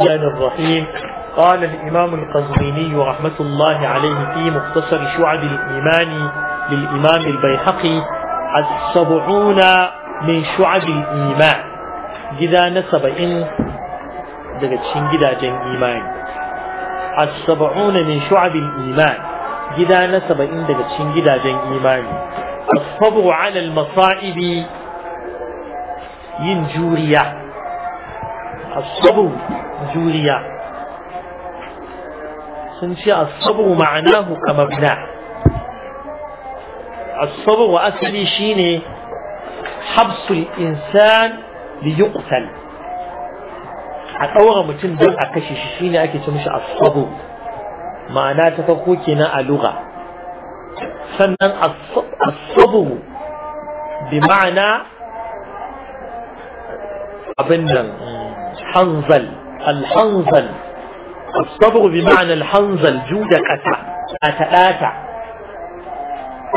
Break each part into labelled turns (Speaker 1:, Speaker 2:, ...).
Speaker 1: الرحمن الرحيم قال الإمام القزويني رحمة الله عليه في مختصر شعب الإيمان للإمام البيحقي السبعون من شعب الإيمان جدا نسب إن دقتشين جدا جن إيمان السبعون من شعب الإيمان جدا نسب إن دقتشين جدا جن إيمان الصبر على المصائب ينجوريا الصبر جوليا سنشي الصبغ معناه كمبنى الصبغ أسلي شيني حبس الإنسان ليقتل أتوغى متن دون أكشي شيني أكي تمشي الصبغ معناه تفقوكينا اللغة سنن الصبغ بمعنى ابن حنظل الحنظل الصبغ بمعنى الحنظل جودة أتع أتآتع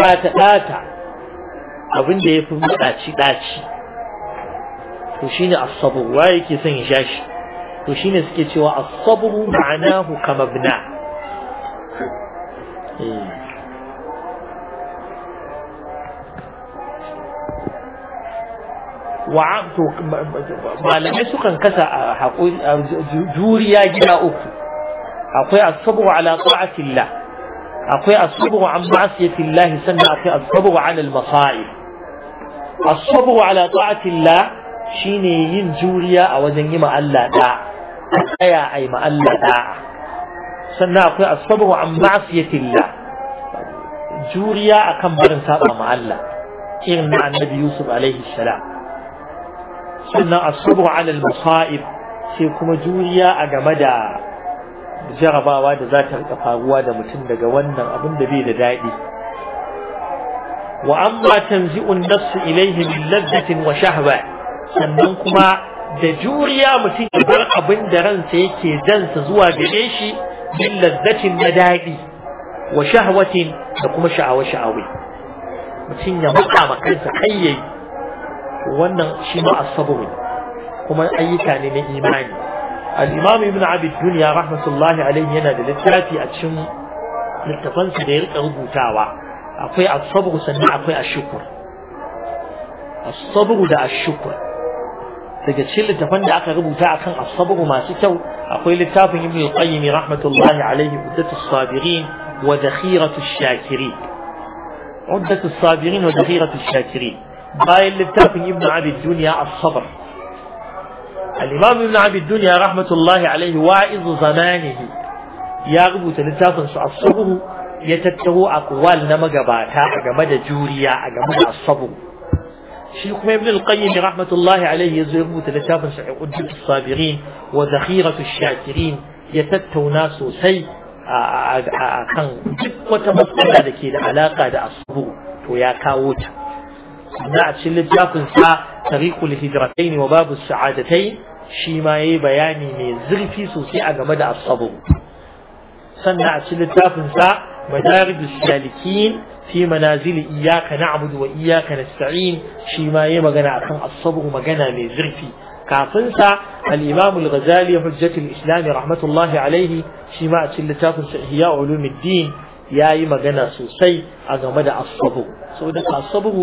Speaker 1: أتآتع أبن دي فهم أتشي أتشي وشين الصبغ واي كيسن جاش وشين سكيتي الصبغ معناه كمبنى إيه wa to malamai sukan kasa juriya gida uku akwai asabu ala ta'atillah akwai asabu an ma'asiyatillah sannan akwai asabu ala al-masa'ib asabu ala ta'atillah shine yin juriya a wajen yi Allah da tsaya ai Allah da sannan akwai asabu an ma'asiyatillah juriya akan barin saba ma Allah irin na annabi Yusuf alaihi salam sannan asabu ala al-masa'ib sai kuma juriya a game da jarabawa da za ta rika faruwa da mutum daga wannan abin da bai da daɗi wa amma tanzi'un nafs ilayhi min laddatin wa shahwa sannan kuma da juriya mutum ya bar abin da ransa yake dansa zuwa gare shi min laddatin na daɗi wa shahwatin da kuma sha'awa sha'awi mutum ya matsa ma kansa wannan shi ma as-sabr kuma ayyuka ne na imani al-imam ibn abi dunya rahmatullahi alayhi yana da littafi a cikin littafan sa da ya rika rubutawa akwai as-sabr sannan akwai ash-shukr as-sabr da ash-shukr daga cikin littafan da aka rubuta akan as-sabr masu kyau akwai littafin ibn qayyim rahmatullahi alayhi uddatu as sabirin wa ash shakirin uddatu as-sabirin wa الصابرين ash-shakirin باي اللي بتعطي ابن عبي الدنيا الصبر الإمام ابن عبي الدنيا رحمة الله عليه واعظ زمانه يغبو تلتاف الصبر يتتهو أقوال نمغ باتا أجمد جوريا أجمد الصبر شيخ ابن القيم رحمة الله عليه يغبو تلتاف عدة الصابرين وذخيرة الشاكرين يتتهو ناس سي أخن جب وتمثل لكي العلاقة الصبر ويا كاوتا na a cikin littafin sa tariqul hijratain wa babu sa'adatai shi ma yayi bayani mai zurfi sosai a game da asabu sannan a cikin littafin sa madarijus salikin fi manazil iyyaka na'budu wa iyyaka nasta'in shi ma yayi magana akan asabu magana mai zurfi kafin sa al-Imam al-Ghazali hujjatul Islam rahmatullahi alaihi shi ma a cikin littafin sa Ihya Ulumuddin yayi magana sosai a game da asabu saboda asabu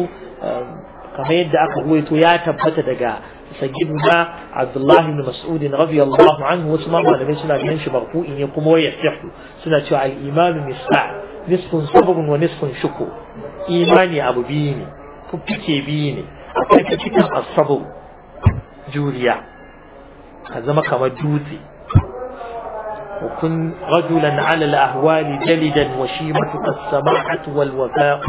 Speaker 1: kamar yadda aka ruwaito ya tabbata daga sayyidina Abdullah ibn Mas'ud radiyallahu anhu wasu ma malamai suna ganin shi marfu'i ne kuma ya sahu suna cewa al-iman misal nisfun sabrun wa nisfun shuku imani abu biyu ne fiffike biyu ne akwai cikin asabu juriya ka zama kamar dutse وكن رجلا على الأهوال جلدا وشيمتك السماحة والوفاء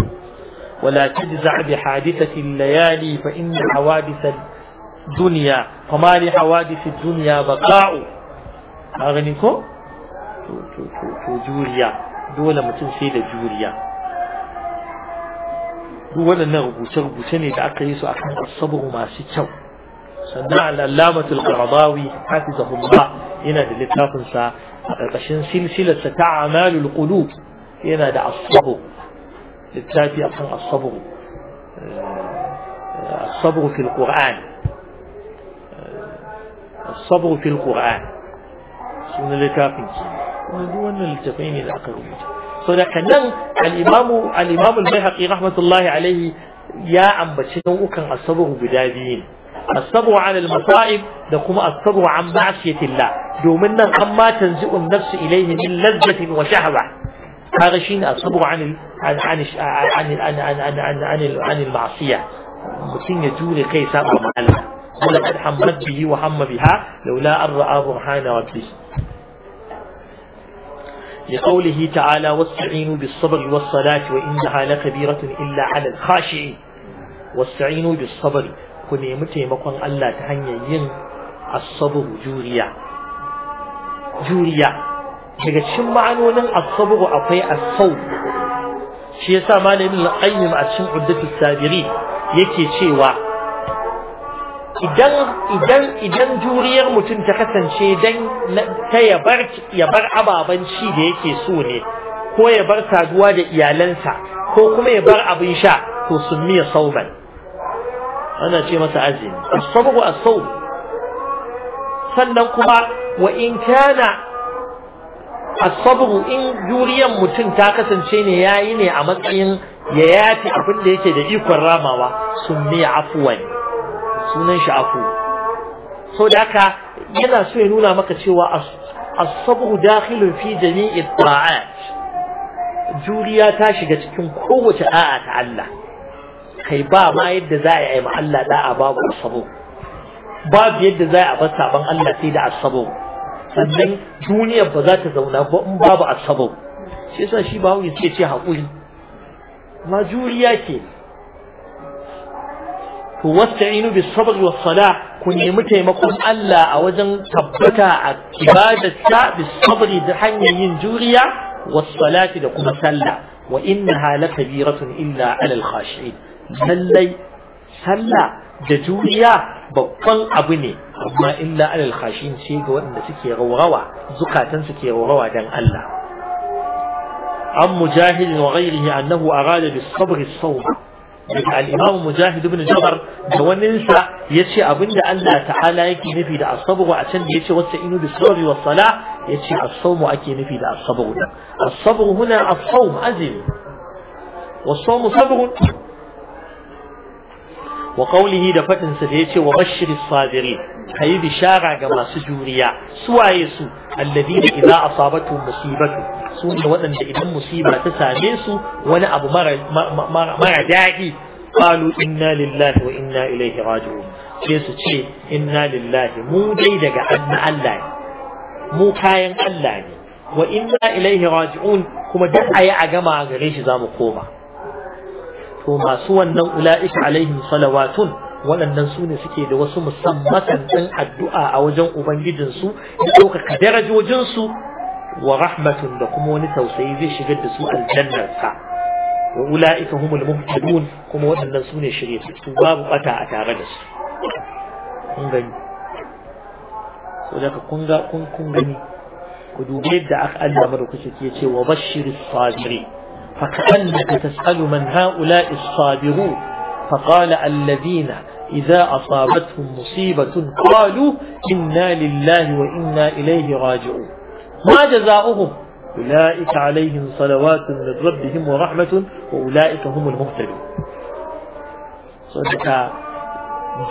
Speaker 1: ولا تجزع بحادثة الليالي فإن حوادث الدنيا فما لحوادث الدنيا بقاء أغنيكو جوريا دولة متن سيدة جوريا دولة نغبو شغبو شني دعك يسو أحمد الصبر ما شكو سنع الألامة القرضاوي حافظه الله هنا للتنفسة تشن سلسلة تعمال القلوب هنا دع الصبر الثالث يبقى الصبر آه، الصبر في القرآن آه، الصبر في القرآن سنة لتاقين سنة ودون التقين الأقرب صدق الإمام الإمام البيهقي رحمة الله عليه يا أم بشنو كان الصبر بدابين الصبر على المصائب لكم الصبر عن معصية الله دومنا أما تنزئ النفس إليه من لذة وشهوة هذا شيء الصبر عن عن عن عن عن عن عن عن, عن المعصية mutum ya كي kai saba ولقد حمد به وحم بها لولا أن رأى برهان ربه لقوله تعالى واستعينوا بالصبر والصلاة وإنها لكبيرة إلا على الخاشعين واستعينوا بالصبر كوني متيمكن الله تهنيين الصبر جوريا جوريا daga cikin ma'anonin as akwai asau. Shi ya sa malamin al a cikin uddatus sabiri yake cewa idan idan idan juriyar mutum ta kasance dan ta yabar bar ababan ci da yake so ne ko ya bar saduwa da iyalansa ko kuma ya bar abin sha to miya sauban ana ce masa azumi as asau sannan kuma wa in kana as-sabru in juriyan mutum ta kasance ne yayi ne a matsayin ya yafi abin da yake da ikon ramawa sunni afwan sunan shi afu so da haka yana so ya nuna maka cewa as-sabru dakhilun fi jami'i ta'at juriya ta shiga cikin kowace da'a ta Allah kai ba ma yadda za a yi ma Allah da'a babu as babu yadda za a bar saban Allah sai da as sannan duniyar ba za ta zauna ba in babu asabau shi yasa shi bawo ya ce haƙuri ma juriya ke to wasta'inu bis sabr was sala ku nemi taimakon Allah a wajen tabbata a ibadata bis sabri da hanyar yin juriya was salati da kuma sallah wa innaha lakabiratun illa ala al khashi'in lallai sallah da juriya babban abu ne amma illa alal khashin ce ga wanda suke raurawa zukatan suke raurawa dan Allah am mujahid wa ghairihi annahu arada bis sabr as-sawm daga al-imam mujahid ibn jabr da wannan sa yace abinda Allah ta'ala yake nufi da as-sabr a can da yace wata inu bis sabr wa salah yace as-sawm ake nufi da as-sabr as-sabr huna as-sawm azim was-sawm sabrun wa qawlihi da fadin sa da yace wa bashiris sabirin kai bishara ga masu juriya su waye su alladina idza asabatu musibatu su ne waɗanda idan musiba ta same su wani abu mara mara daɗi qalu inna lillahi wa inna ilaihi raji'un sai su ce inna lillahi mu dai daga Allah ne mu kayan Allah ne wa inna ilaihi raji'un kuma duk ayi a gama gare shi zamu koma to masu wannan ula'ika alaihim salawatun waɗannan su ne suke da wasu musamman ɗin addu'a a wajen ubangijinsu ya ɗaukaka darajojinsu wa rahmatun da kuma wani tausayi zai shigar da su aljannarsa wa ula'ika humul muhtadun kuma waɗannan su ne shirye su babu bata a tare da su kun gani so daga kun ga kun kun gani ku dubi yadda aka Allah madaukaki ke ce wa bashirus sabirin فكأنك تسأل من هؤلاء الصابرون فقال الذين إذا أصابتهم مصيبة قالوا إنا لله وإنا إليه راجعون ما جزاؤهم أولئك عليهم صلوات من ربهم ورحمة وأولئك هم المهتدون صدق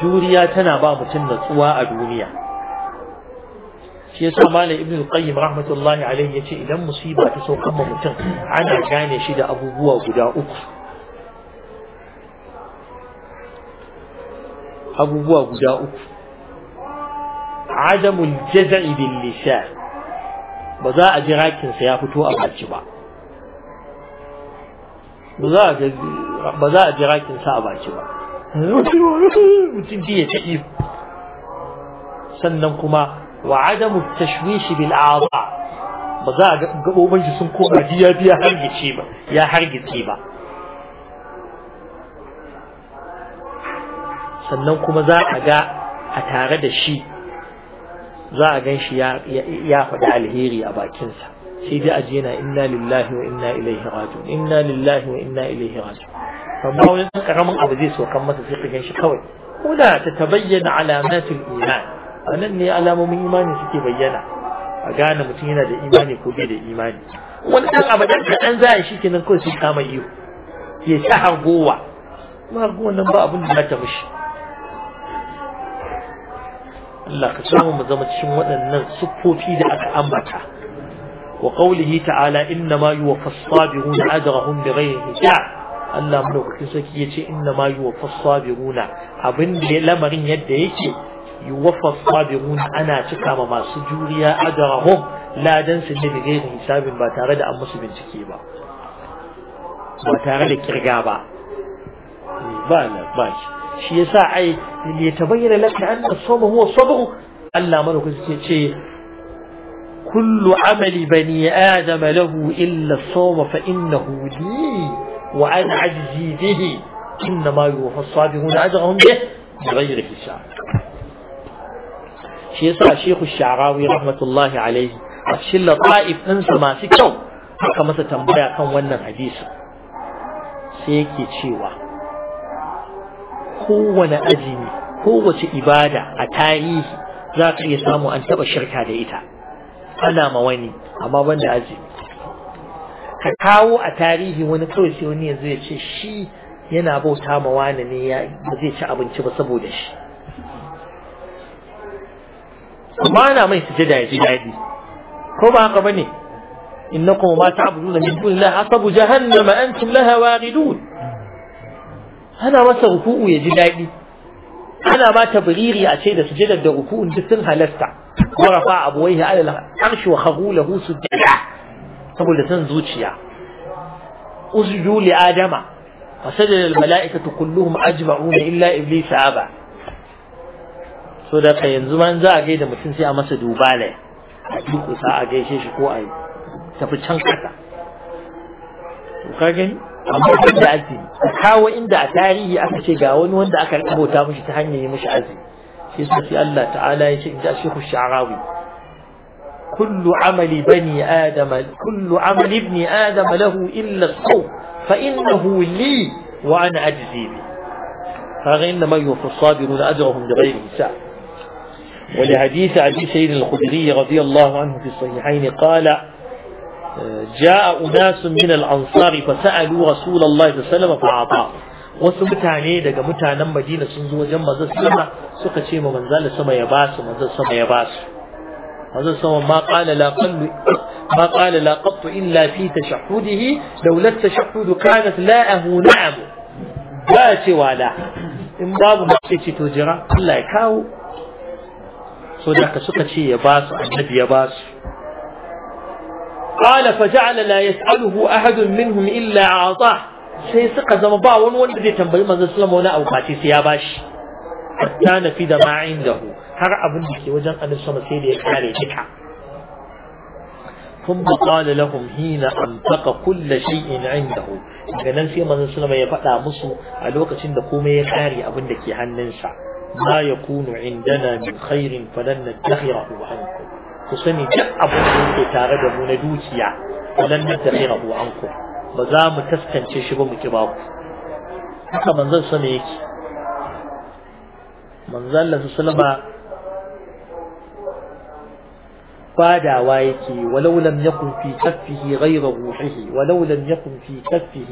Speaker 1: جوريا تنا بعض متن نتsuwa shi yasa malam ibnu qayyim rahmatullahi alayhi yace idan musiba ta saukan ma mutum ana gane shi da abubuwa guda uku abubuwa guda uku Adamu, jaza'i bil lisan ba za a ji rakin sa ya fito a baki ba ba za a ji rakin sa a baki ba mutum ya ta sannan kuma وعدم التشويش بالأعضاء ba za a gaɓoɓin shi sun koma ya biya hargice ba ya hargice ba sannan kuma za a ga a tare da shi za a gan shi ya faɗi alheri a bakinsa sai dai a jena inna lillahi wa inna ilaihi rajiun inna lillahi wa inna ilaihi rajiun amma wani karamin abu zai sokan masa sai ka gan shi kawai ko da ta tabayyana alamatul iman a nan ne alamomin imani suke bayyana a gane mutum yana da imani ko bai da imani wani dan abu dan kaɗan za a shi kenan kawai sun kama iyo ya ta hargowa ma hargowa nan ba abin da za ta mishi Allah ka samu mu zama cikin waɗannan siffofi da aka ambata wa qawlihi ta'ala inna ma yuwaffa as-sabiruna ajrahum bighayri hisab Allah madaukakin sarki ya ce inna ma yuwa fassabiruna abin da lamarin yadda yake يوفى الصابرون انا تكا ما سجوريا اجرهم لا دنس النبي غير حساب با تاره دا امس بن سكي با با تاره دا كرغا با با شي يسا اي يتبين لك ان الصوم هو الصبر الا ما لك شيء كل عمل بني ادم له الا الصوم فانه لي وانا عجزي به انما يوفى الصابرون اجرهم به بغير حساب shi yasa shehu sha'rawi rahmatullahi alaihi a cikin lataif ɗinsa masu kyau aka masa tambaya kan wannan hadisi sai yake cewa kowane azumi kowace ibada a tarihi za ka iya samu an taɓa shirka da ita ana ma wani amma banda azumi ka kawo a tarihi wani kawai sai wani yanzu ya ce shi yana bauta ma wani ne ya ba zai ci abinci ba saboda shi amma ana mai sujada ya ji daɗi ko ba haka bane innakum ma ta'buduna min dunillahi hasabu jahannama antum laha waridun ana masa ruku'u ya ji daɗi ana ma biriri a ce da sujadar da ruku'un duk sun halasta wa rafa abuwaihi ala arshi wa kharu sujada saboda san zuciya usjudu li adama fasajada al mala'ikatu kulluhum ajma'una illa iblis aba so da ka yanzu man za a gaida mutum sai a masa dubale a duku sa a gaishe shi ko a tafi can kasa to ka gani amma ba da azi kawo inda a tarihi aka ce ga wani wanda aka rubuta mishi ta hanyar yi mishi azi shi su fi Allah ta'ala ya ce inda a shekhu sha'arawi kullu amali bani adama kullu amali ibni adama lahu illa so fa innahu li wa ana ajzi bi kaga inda mai yufu sabiru da ajrahum bi ghairi hisab ولحديث عدي سيد الخدري رضي الله عنه في الصحيحين قال جاء أناس من الأنصار فسألوا رسول الله صلى الله عليه وسلم فعطاه وسمتاني دقا متانا مدينة سنزو جمع ذا سلم سكة شيمة من ذا لسما يباس من ذا سما يباس هذا سما ما قال لا قل ما قال لا قط إلا في تشحوده لو لا التشحود كانت لا أهو نعم لا باتي ولا إن باب ما شيء تجرى الله يكاو so da ka suka ce ya ba su annabi ya ba su qala fa ja'ala la yas'aluhu ahadun minhum illa a'tah sai suka zama ba wani wanda zai tambayi manzon sallallahu alaihi wasallam wani abu sai ya bashi hatta nafi da ma indahu har abin da ke wajen annabi sallallahu sai da ya kare duka ثم قال لهم حين أنفق كل شيء عنده daga nan sai manzon sallallahu ya faɗa musu a lokacin da komai ya kare abin da ke hannunsa ما يكون عندنا من خير فلن ندخره عنكم تسمي جاء أبوكم تتارد من دوسيا فلن ندخره عنكم بزام تسكن تشبه مكباب حتى منزل سميك منزل الله صلى فادع وايكي ولو لم يكن في كفه غير روحه ولو لم يكن في كفه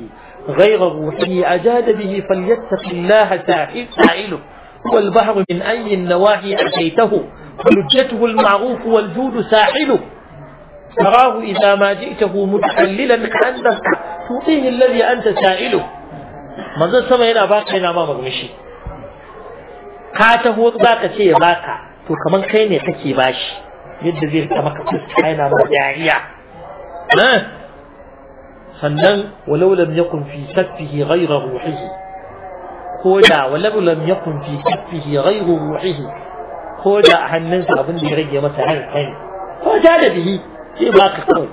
Speaker 1: غير روحه أجاد به فليتق الله سائله والبحر من أي النواحي أتيته حجته المعروف والجود ساحله تراه إذا ما جئته متحللا عندك تؤتيه الذي أنت سائله ما زال سما هنا باقي هنا ما مغمشي كاته وقباك شيء باقى تو كمان كيني تكي باش يد زير كمك تستحينا مجاعية ها فنن ولو لم يكن في سفه غير روحه koda lam yakun fi كودا ولو لم يكن في كفه غير روحه كودا أهننس ko دي da bihi هن ba ka في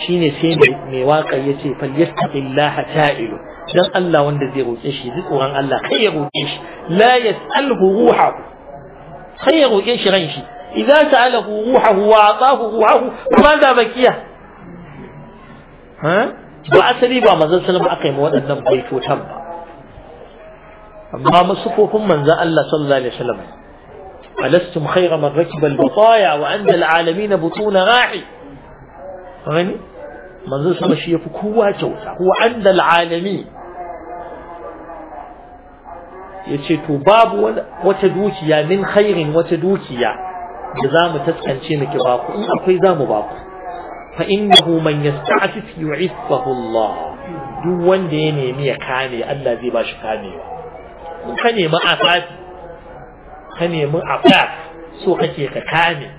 Speaker 1: shine sai mai mai waka yace fal yastaqillah ta'ilu dan Allah wanda zai roƙe shi duk tsoron Allah kai ya roƙe shi la yas'alhu ruha kai ya roƙe shi ran shi idza sa'alahu ruhahu wa atahu ruhahu ma da bakiya ha ba asali ba manzon sallam aka yi waɗannan baitotan ba amma musufofin manzon Allah sallallahu alaihi wasallam alastum khayra man rakiba al-bataya wa anda al-alamin butuna rahi gani manzon sallam shi yafi kowa kyauta wa anda al-alamin yace to babu wata dukiya min khairin wata dukiya da zamu taskance miki baku in akwai zamu baku فإنه من يستعفف يعفه الله دو ديني نيمي كاني الله زي باش كاني كاني ما أفاف كاني ما أفاف سو كي كاني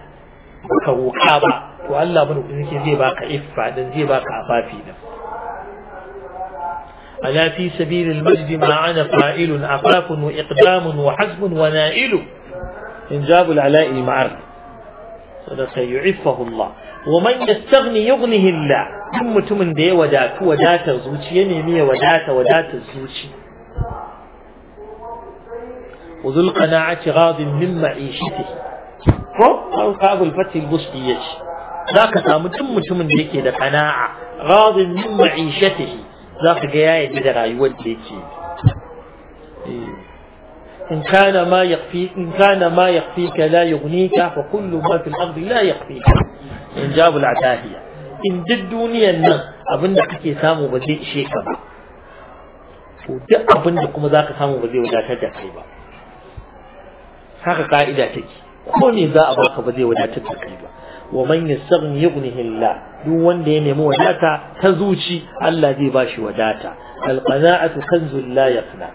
Speaker 1: كو كابا تو الله من أفاف إفا دن زي باك ألا في سبيل المجد ما عنا فائل أفاف وإقدام وحزم ونائل جابوا العلاء المعرض سيعفه الله ومن يستغني يغنه الله ثم تمن دي ودات ودات زوجي يمي ودات ودات زوجي وذو القناعة غاض من معيشته فهو قاب الفتح البسطي ذاك تام تم تم دي كده قناعة غاض من معيشته ذاك جاي بدرا يود إن كان ما يخفيك إن كان ما يخفيك لا يغنيك فكل ما في الأرض لا يخفيك إن جاب العتاهية إن دي الدنيا أبن حكي سامو بدي شيكا با ودي أبن كما ذاك سامو بزي ودا تدعي با هكا تجي كوني ذا أباك بزي ودا تدعي ومن يستغني يغنيه الله دون وندي مو وداتا تزوشي الله ذي باشي وداتا القناعة كنز لا يقنع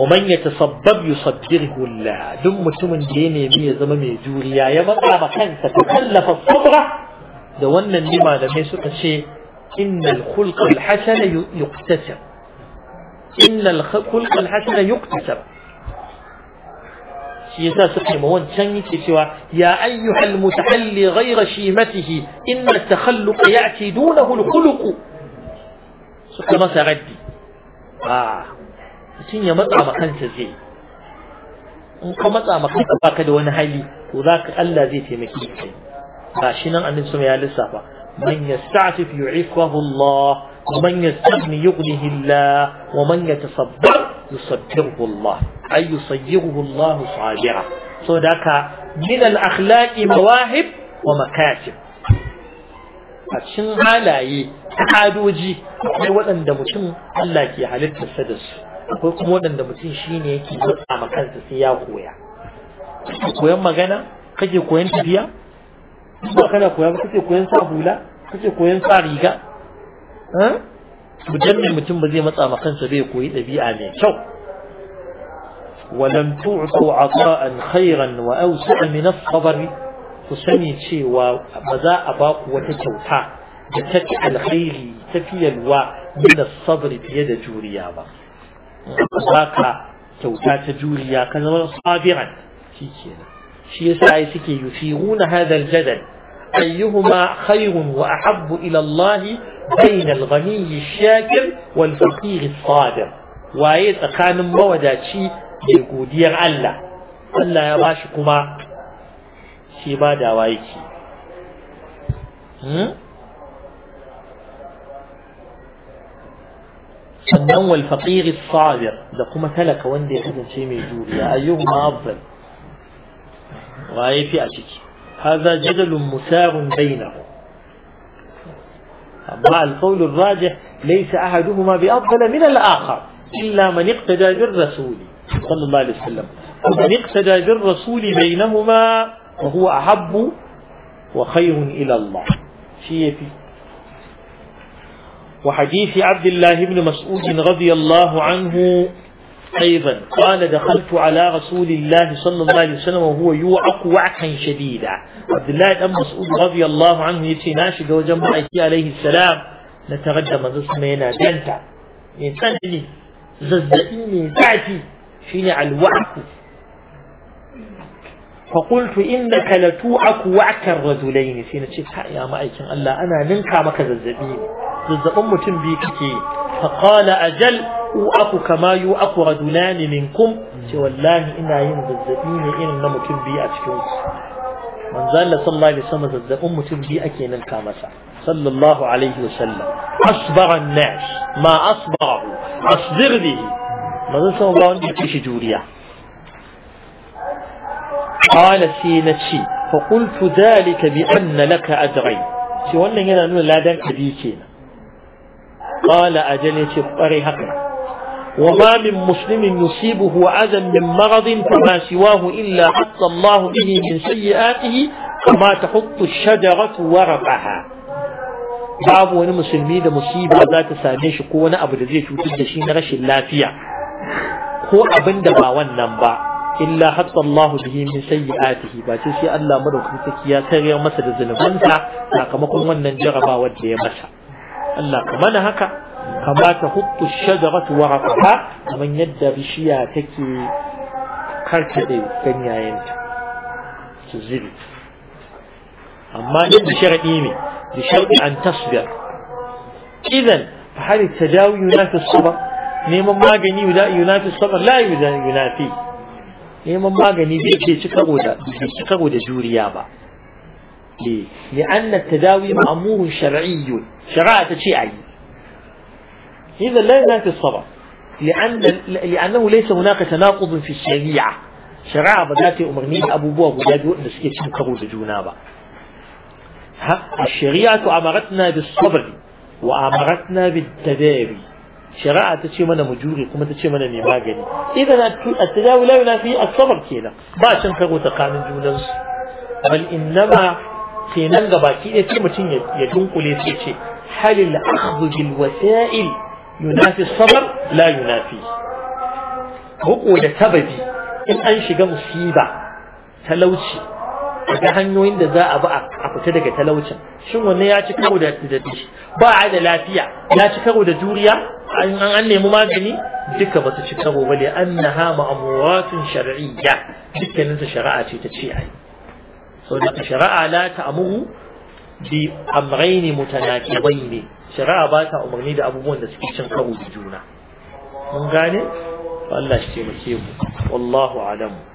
Speaker 1: ومن يتصبب يصبره الله دم متمن ديني مي زما مي جوريا يا مطلع مكان تتكلف الصبرة ده wannan ne malamai suka ce innal khulq al hasan yuqtasab innal khulq al hasan yuqtasab shi yasa suka ma wancan yake cewa ya ayyuhal mutahalli ghayra shimatihi inna takhalluq ya'ti dunahu al khuluq suka masa raddi ah mutum ya matsa ma kansa zai in ka matsa ma kanka baka da wani hali to zaka Allah zai taimake ka ba shi nan annabi sama ya lissafa man yasta'tif yu'iffahu Allah wa man yastaghni yughnihi Allah wa man yatasabbar yusabbihu Allah ay yusayyihu Allah sabira so daka min al-akhlaqi mawahib wa makasib a cikin halaye kadoji akwai waɗanda mutum Allah ke halittarsa da su akwai kuma waɗanda mutum shi ne yake a makansa sai ya koya koyan magana kake koyan tafiya ba kana koya ba kake koyan sa hula kake koyan sa riga mujan eh? mai mutum ba zai matsa makansa bai koyi ɗabi'a mai kyau walam tu'tu ata'an khairan wa awsa'a min as-sabr ku sani cewa ba za a ba ku wata kyauta da take alkhairi tafiyalwa min as-sabr fiye da juriya ba ساقا كوتا تجوليا كذا صابرا شي ساي سكي يثيرون هذا الجدل أيهما خير وأحب إلى الله بين الغني الشاكر والفقير الصادر وايت أخان مودا شي يقودير ألا ألا يا باشكما شي بادا وايكي هم؟ النوى الفقير الصابر لقوم تلك وندي هذا شيء مجور يا أيهما أفضل وهي في أشيك هذا جدل مسار بينه مع القول الراجح ليس أحدهما بأفضل من الآخر إلا من اقتدى بالرسول صلى الله عليه وسلم من اقتدى بالرسول بينهما وهو أحب وخير إلى الله شيء فيه وحديث عبد الله بن مسعود رضي الله عنه أيضا قال دخلت على رسول الله صلى الله عليه وسلم وهو يوعق وعكا شديدا عبد الله بن مسعود رضي الله عنه يتي ناشق وجمع عليه السلام نتغدى مزسمة ينا دنتا ينسانني ززئيني شنع شيني الوعك فقلت إنك لتوعك وعك الرجلين سينا يا مأيكا الله أنا منك مكذا ززئيني Zazzaɓin mutum biyu kake faƙala ajal u'aku kama yu'aku rajulani minkum ce wallahi ina yin zazzaɓi ne irin na mutum biyu a cikin ku manzo Allah sallallahu alaihi wasallam zazzabin mutum biyu ake nan ka masa sallallahu alaihi wasallam asbara an-nas ma asbaru asbir bihi manzo sallallahu alaihi wasallam ya ce juriya na ci. قال سينتشي فقلت ذلك بأن لك أدري شي wannan yana nuna ladan abi kenan qala ajal yace kware haka wa ma min muslimin yusibuhu adan min maradin fama siwahu illa hatta Allah bihi min sayyi'atihi kama tahuttu ash-shajaratu waraqaha babu wani musulmi da musiba zata same shi ko wani abu da zai cutar da shi na rashin lafiya ko abin da ba wannan ba illa hatta Allah bihi min ba ce sai Allah madaukakin saki ya tare masa da zunubansa sakamakon wannan jarabawar da ya masa Allah ka mana haka kama ta huttu shajaratu wa haka kamar yadda bishiya take karkade ganyayenta su zibi. amma yadda sharaɗi ne da sharaɗi an tasbir idan fa hali tajawi yunafi sabr neman magani yunafi sabr la yunafi neman magani bai ce ci karo da juriya ba ليه؟ لأن التداوي مأمور شرعي شرعة شيعي إذا لا ينافي الصبر لأن لأنه ليس هناك تناقض في الشريعة شرعة بدأت أمرني أبو بوا بدأت نسكت كرو جونابا ها الشريعة أمرتنا بالصبر وأمرتنا بالتداوي شرعة تشي من مجوري كما تشي من نماغني إذا التداوي لا ينافي الصبر كينا باشا كرو تقانن جونس بل إنما kenan ga baki ɗaya sai mutum ya dunkule sai ce halil akhdhu bil wasa'il yunafi sabr la yunafi riko da sababi in an shiga musiba talauci da hanyoyin da za a bi a fita daga talaucin shin wanne ya ci karo da daɗi ba a da lafiya ya ci karo da juriya an an nemi magani duka ba su ci karo ba li annaha ma'amuratun shar'iyya dukkanin shari'a ce ta ce ai so da shari'a la ta'muru bi amrayni mutanaqibaini shari'a ba ta umarni da abubuwan da suke cin karo da juna mun gane Allah shi taimake mu wallahu a'lamu